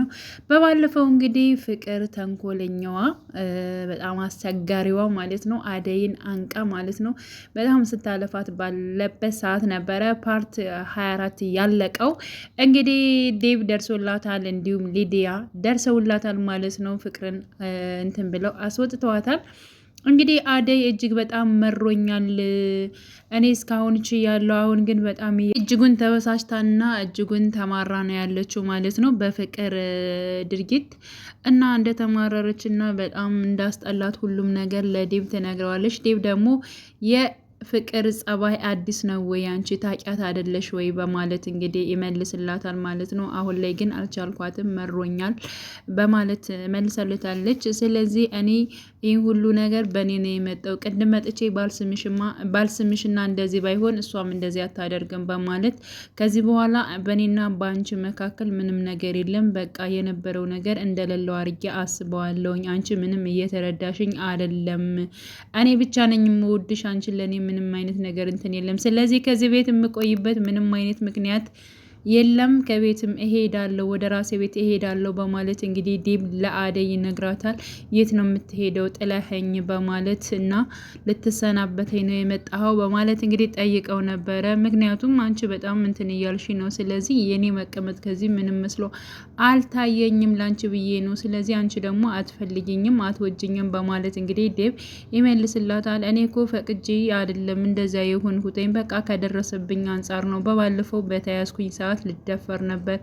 ነው። በባለፈው እንግዲህ ፍቅር ተንኮለኛዋ በጣም አስቸጋሪዋ ማለት ነው አደይን አንቃ ማለት ነው በጣም ስታለፋት ባለበት ሰዓት ነበረ ፓርት 24 ያለቀው። እንግዲህ ዴቭ ደርሶላታል፣ እንዲሁም ሊዲያ ደርሰውላታል ማለት ነው። ፍቅርን እንትን ብለው አስወጥተዋታል። እንግዲህ አደይ እጅግ በጣም መሮኛል እኔ እስካሁን ች ያለው አሁን ግን በጣም እጅጉን ተበሳጭታና እጅጉን ተማራ ነው ያለችው ማለት ነው በፍቅር ድርጊት እና እንደተማረረች እና በጣም እንዳስጠላት ሁሉም ነገር ለዴብ ትነግረዋለች። ዴብ ደግሞ ፍቅር ጸባይ አዲስ ነው ወይ አንቺ ታውቂያት አይደለሽ ወይ በማለት እንግዲህ ይመልስላታል ማለት ነው። አሁን ላይ ግን አልቻልኳትም መሮኛል በማለት መልሰልታለች። ስለዚህ እኔ ይህ ሁሉ ነገር በእኔ ነው የመጣው። ቅድም መጥቼ ባልስምሽና እንደዚህ ባይሆን እሷም እንደዚህ አታደርግም በማለት ከዚህ በኋላ በእኔና በአንቺ መካከል ምንም ነገር የለም፣ በቃ የነበረው ነገር እንደሌለው አድርጌ አስበዋለውኝ። አንቺ ምንም እየተረዳሽኝ አይደለም። እኔ ብቻ ነኝ የምወድሽ አንቺን ለእኔ ምንም አይነት ነገር እንትን የለም። ስለዚህ ከዚህ ቤት የምቆይበት ምንም አይነት ምክንያት የለም ከቤትም እሄዳለሁ ወደ ራሴ ቤት እሄዳለሁ በማለት እንግዲህ ዲብ ለአደይ ይነግራታል። የት ነው የምትሄደው ጥለኸኝ በማለት እና ልትሰናበተኝ ነው የመጣኸው በማለት እንግዲህ ጠይቀው ነበረ። ምክንያቱም አንቺ በጣም እንትን እያልሽ ነው፣ ስለዚህ የኔ መቀመጥ ከዚህ ምንም መስሎ አልታየኝም ለአንቺ ብዬ ነው፣ ስለዚህ አንቺ ደግሞ አትፈልጊኝም፣ አትወጅኝም በማለት እንግዲህ ዴብ ይመልስላታል። እኔ ኮ ፈቅጄ አይደለም እንደዚያ የሆንኩትኝ በቃ ከደረሰብኝ አንጻር ነው። በባለፈው በተያያዝኩኝ ሰዓት ምክንያት ልደፈር ነበር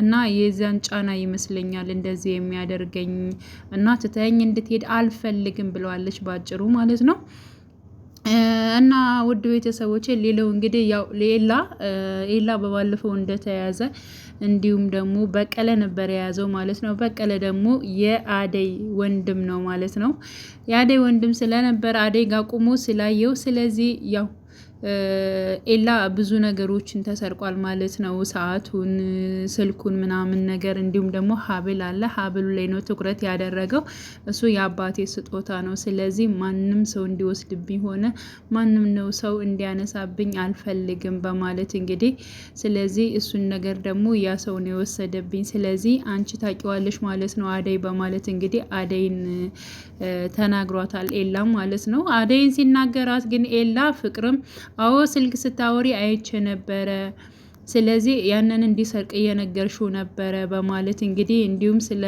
እና የዚያን ጫና ይመስለኛል እንደዚህ የሚያደርገኝ እና ትተኸኝ እንድትሄድ አልፈልግም ብለዋለች ባጭሩ ማለት ነው። እና ውድ ቤተሰቦቼ ሌላው እንግዲህ ያው ሌላ ኤላ በባለፈው እንደተያዘ እንዲሁም ደግሞ በቀለ ነበር የያዘው ማለት ነው። በቀለ ደግሞ የአደይ ወንድም ነው ማለት ነው። የአደይ ወንድም ስለነበር አደይ ጋር ቁሞ ስላየው ስለዚህ ያው ኤላ ብዙ ነገሮችን ተሰርቋል ማለት ነው። ሰዓቱን፣ ስልኩን ምናምን ነገር እንዲሁም ደግሞ ሀብል አለ። ሀብሉ ላይ ነው ትኩረት ያደረገው። እሱ የአባቴ ስጦታ ነው፣ ስለዚህ ማንም ሰው እንዲወስድብኝ ሆነ ማንም ነው ሰው እንዲያነሳብኝ አልፈልግም በማለት እንግዲህ ስለዚህ እሱን ነገር ደግሞ ያ ሰው ነው የወሰደብኝ፣ ስለዚህ አንቺ ታቂዋለሽ ማለት ነው አደይ በማለት እንግዲህ አደይን ተናግሯታል ኤላ ማለት ነው። አደይን ሲናገራት ግን ኤላ ፍቅርም አዎ ስልክ ስታወሪ አይቼ ነበረ ስለዚህ ያንን እንዲሰርቅ እየነገርሽው ነበረ በማለት እንግዲህ እንዲሁም ስለ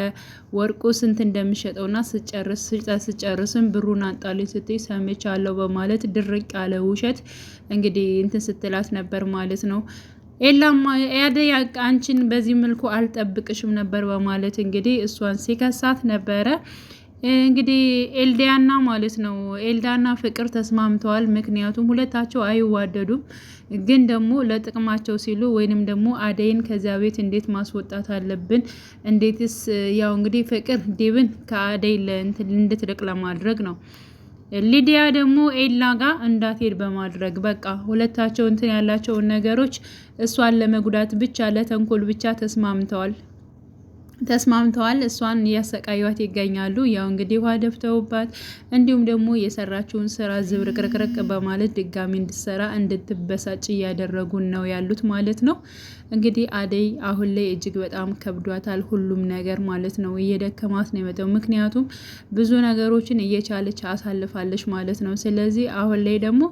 ወርቁ ስንት እንደሚሸጠውና ስጨርስ ስጨርስም ብሩን አንጣልኝ ስትይ ሰምቻለሁ በማለት ድርቅ ያለ ውሸት እንግዲህ እንትን ስትላት ነበር ማለት ነው። ኤላማ አደይ አንቺን በዚህ መልኩ አልጠብቅሽም ነበር በማለት እንግዲህ እሷን ሲከሳት ነበረ። እንግዲህ ኤልዳያና ማለት ነው ኤልዳና ፍቅር ተስማምተዋል። ምክንያቱም ሁለታቸው አይዋደዱም፣ ግን ደግሞ ለጥቅማቸው ሲሉ ወይንም ደግሞ አደይን ከዚያ ቤት እንዴት ማስወጣት አለብን፣ እንዴትስ ያው እንግዲህ ፍቅር ዲብን ከአደይ እንድትርቅ ለማድረግ ነው። ሊዲያ ደግሞ ኤላ ጋር እንዳትሄድ በማድረግ በቃ ሁለታቸው እንትን ያላቸውን ነገሮች እሷን ለመጉዳት ብቻ ለተንኮል ብቻ ተስማምተዋል። ተስማምተዋል። እሷን እያሰቃዩት ይገኛሉ። ያው እንግዲህ ውሃ ደፍተውባት እንዲሁም ደግሞ የሰራችውን ስራ ዝብርቅርቅርቅ በማለት ድጋሚ እንድትሰራ እንድትበሳጭ እያደረጉን ነው ያሉት ማለት ነው። እንግዲህ አደይ አሁን ላይ እጅግ በጣም ከብዷታል፣ ሁሉም ነገር ማለት ነው። እየደከማት ነው የመጣው። ምክንያቱም ብዙ ነገሮችን እየቻለች አሳልፋለች ማለት ነው። ስለዚህ አሁን ላይ ደግሞ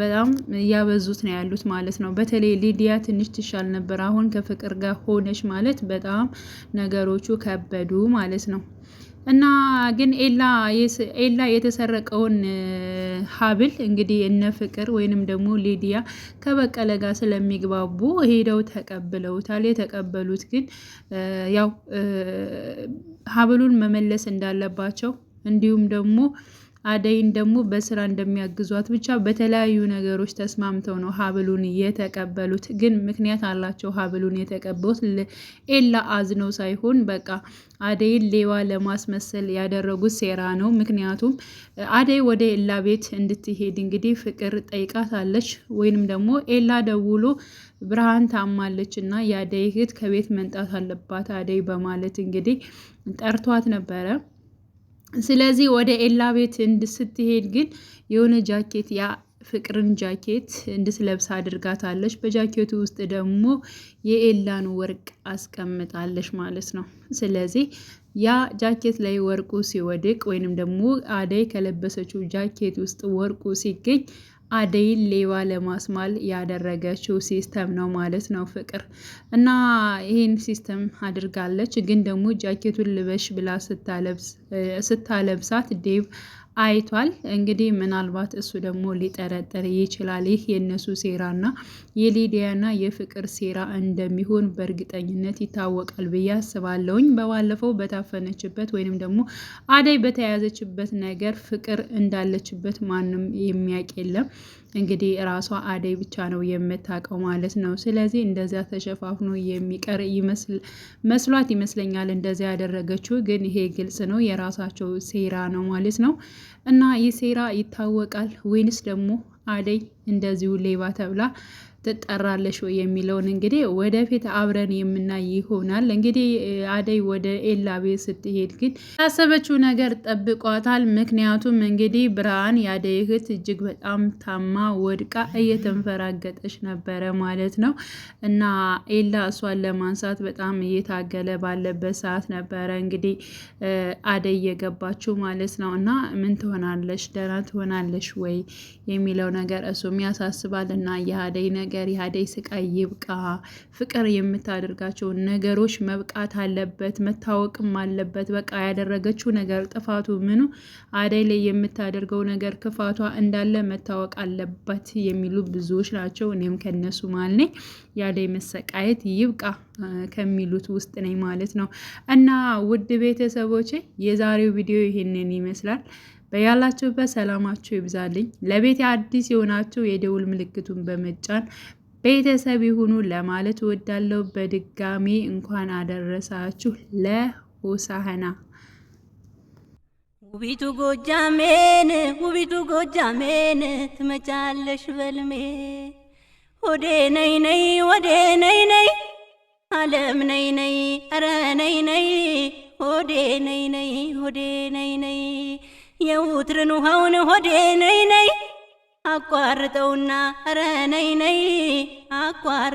በጣም እያበዙት ነው ያሉት ማለት ነው። በተለይ ሊዲያ ትንሽ ትሻል ነበር። አሁን ከፍቅር ጋር ሆነች ማለት በጣም ነገሮቹ ከበዱ ማለት ነው። እና ግን ኤላ የተሰረቀውን ሀብል እንግዲህ እነ ፍቅር ወይንም ደግሞ ሊዲያ ከበቀለ ጋር ስለሚግባቡ ሄደው ተቀብለውታል። የተቀበሉት ግን ያው ሀብሉን መመለስ እንዳለባቸው እንዲሁም ደግሞ አደይን ደግሞ በስራ እንደሚያግዟት ብቻ በተለያዩ ነገሮች ተስማምተው ነው ሀብሉን የተቀበሉት። ግን ምክንያት አላቸው። ሀብሉን የተቀበሉት ኤላ አዝነው ሳይሆን በቃ አደይን ሌባ ለማስመሰል ያደረጉት ሴራ ነው። ምክንያቱም አደይ ወደ ኤላ ቤት እንድትሄድ እንግዲህ ፍቅር ጠይቃታለች። ወይንም ደግሞ ኤላ ደውሎ ብርሃን ታማለች እና የአደይ እህት ከቤት መንጣት አለባት አደይ በማለት እንግዲህ ጠርቷት ነበረ። ስለዚህ ወደ ኤላ ቤት እንድስትሄድ ግን የሆነ ጃኬት ያ ፍቅርን ጃኬት እንድትለብስ አድርጋታለች። በጃኬቱ ውስጥ ደግሞ የኤላን ወርቅ አስቀምጣለች ማለት ነው። ስለዚህ ያ ጃኬት ላይ ወርቁ ሲወድቅ ወይንም ደግሞ አደይ ከለበሰችው ጃኬት ውስጥ ወርቁ ሲገኝ አደይን ሌባ ለማስማል ያደረገችው ሲስተም ነው ማለት ነው ፍቅር እና ይህን ሲስተም አድርጋለች። ግን ደግሞ ጃኬቱን ልበሽ ብላ ስታለብሳት ዴቭ አይቷል። እንግዲህ ምናልባት እሱ ደግሞ ሊጠረጠር ይችላል። ይህ የእነሱ ሴራና የሊዲያና የፍቅር ሴራ እንደሚሆን በእርግጠኝነት ይታወቃል ብዬ አስባለሁኝ። በባለፈው በታፈነችበት ወይንም ደግሞ አደይ በተያያዘችበት ነገር ፍቅር እንዳለችበት ማንም የሚያውቅ የለም። እንግዲህ ራሷ አደይ ብቻ ነው የምታውቀው ማለት ነው። ስለዚህ እንደዚያ ተሸፋፍኖ የሚቀር መስሏት ይመስለኛል እንደዚያ ያደረገችው። ግን ይሄ ግልጽ ነው፣ የራሳቸው ሴራ ነው ማለት ነው። እና ይህ ሴራ ይታወቃል ወይንስ ደግሞ አደይ እንደዚሁ ሌባ ተብላ ትጠራለሽ ወይ የሚለውን እንግዲህ ወደፊት አብረን የምናይ ይሆናል። እንግዲህ አደይ ወደ ኤላ ቤት ስትሄድ ግን ያሰበችው ነገር ጠብቋታል። ምክንያቱም እንግዲህ ብርሃን የአደይ እህት እጅግ በጣም ታማ ወድቃ እየተንፈራገጠች ነበረ ማለት ነው እና ኤላ እሷን ለማንሳት በጣም እየታገለ ባለበት ሰዓት ነበረ እንግዲህ አደይ የገባችው ማለት ነው እና ምን ትሆናለሽ፣ ደህና ትሆናለሽ ወይ የሚለው ነገር እሱም ያሳስባል እና የአደይ ነገር ነገር የአደይ ስቃይ ይብቃ። ፍቅር የምታደርጋቸው ነገሮች መብቃት አለበት፣ መታወቅም አለበት። በቃ ያደረገችው ነገር ጥፋቱ ምኑ አደይ ላይ የምታደርገው ነገር ክፋቷ እንዳለ መታወቅ አለበት የሚሉ ብዙዎች ናቸው። እኔም ከነሱ ማለት ነኝ። የአደይ መሰቃየት ይብቃ ከሚሉት ውስጥ ነኝ ማለት ነው። እና ውድ ቤተሰቦቼ የዛሬው ቪዲዮ ይህንን ይመስላል። በያላችሁበት ሰላማችሁ ይብዛልኝ። ለቤት አዲስ የሆናችሁ የደውል ምልክቱን በመጫን ቤተሰብ ይሁኑ ለማለት እወዳለሁ። በድጋሚ እንኳን አደረሳችሁ ለሆሳዕና። ውቢቱ ጎጃሜን ውቢቱ ጎጃሜን ትመጫለሽ በልሜ ሆዴ ነይ ነይ ወዴ ነይ ነይ አለም ነይ ነይ ኧረ ነይ ነይ ሆዴ ነይ ነይ ሆዴ ነይ ነይ የውትርን ውሃውን ሆዴ ነይ ነይ አቋርጠውና ኧረ ነይ ነይ አቋር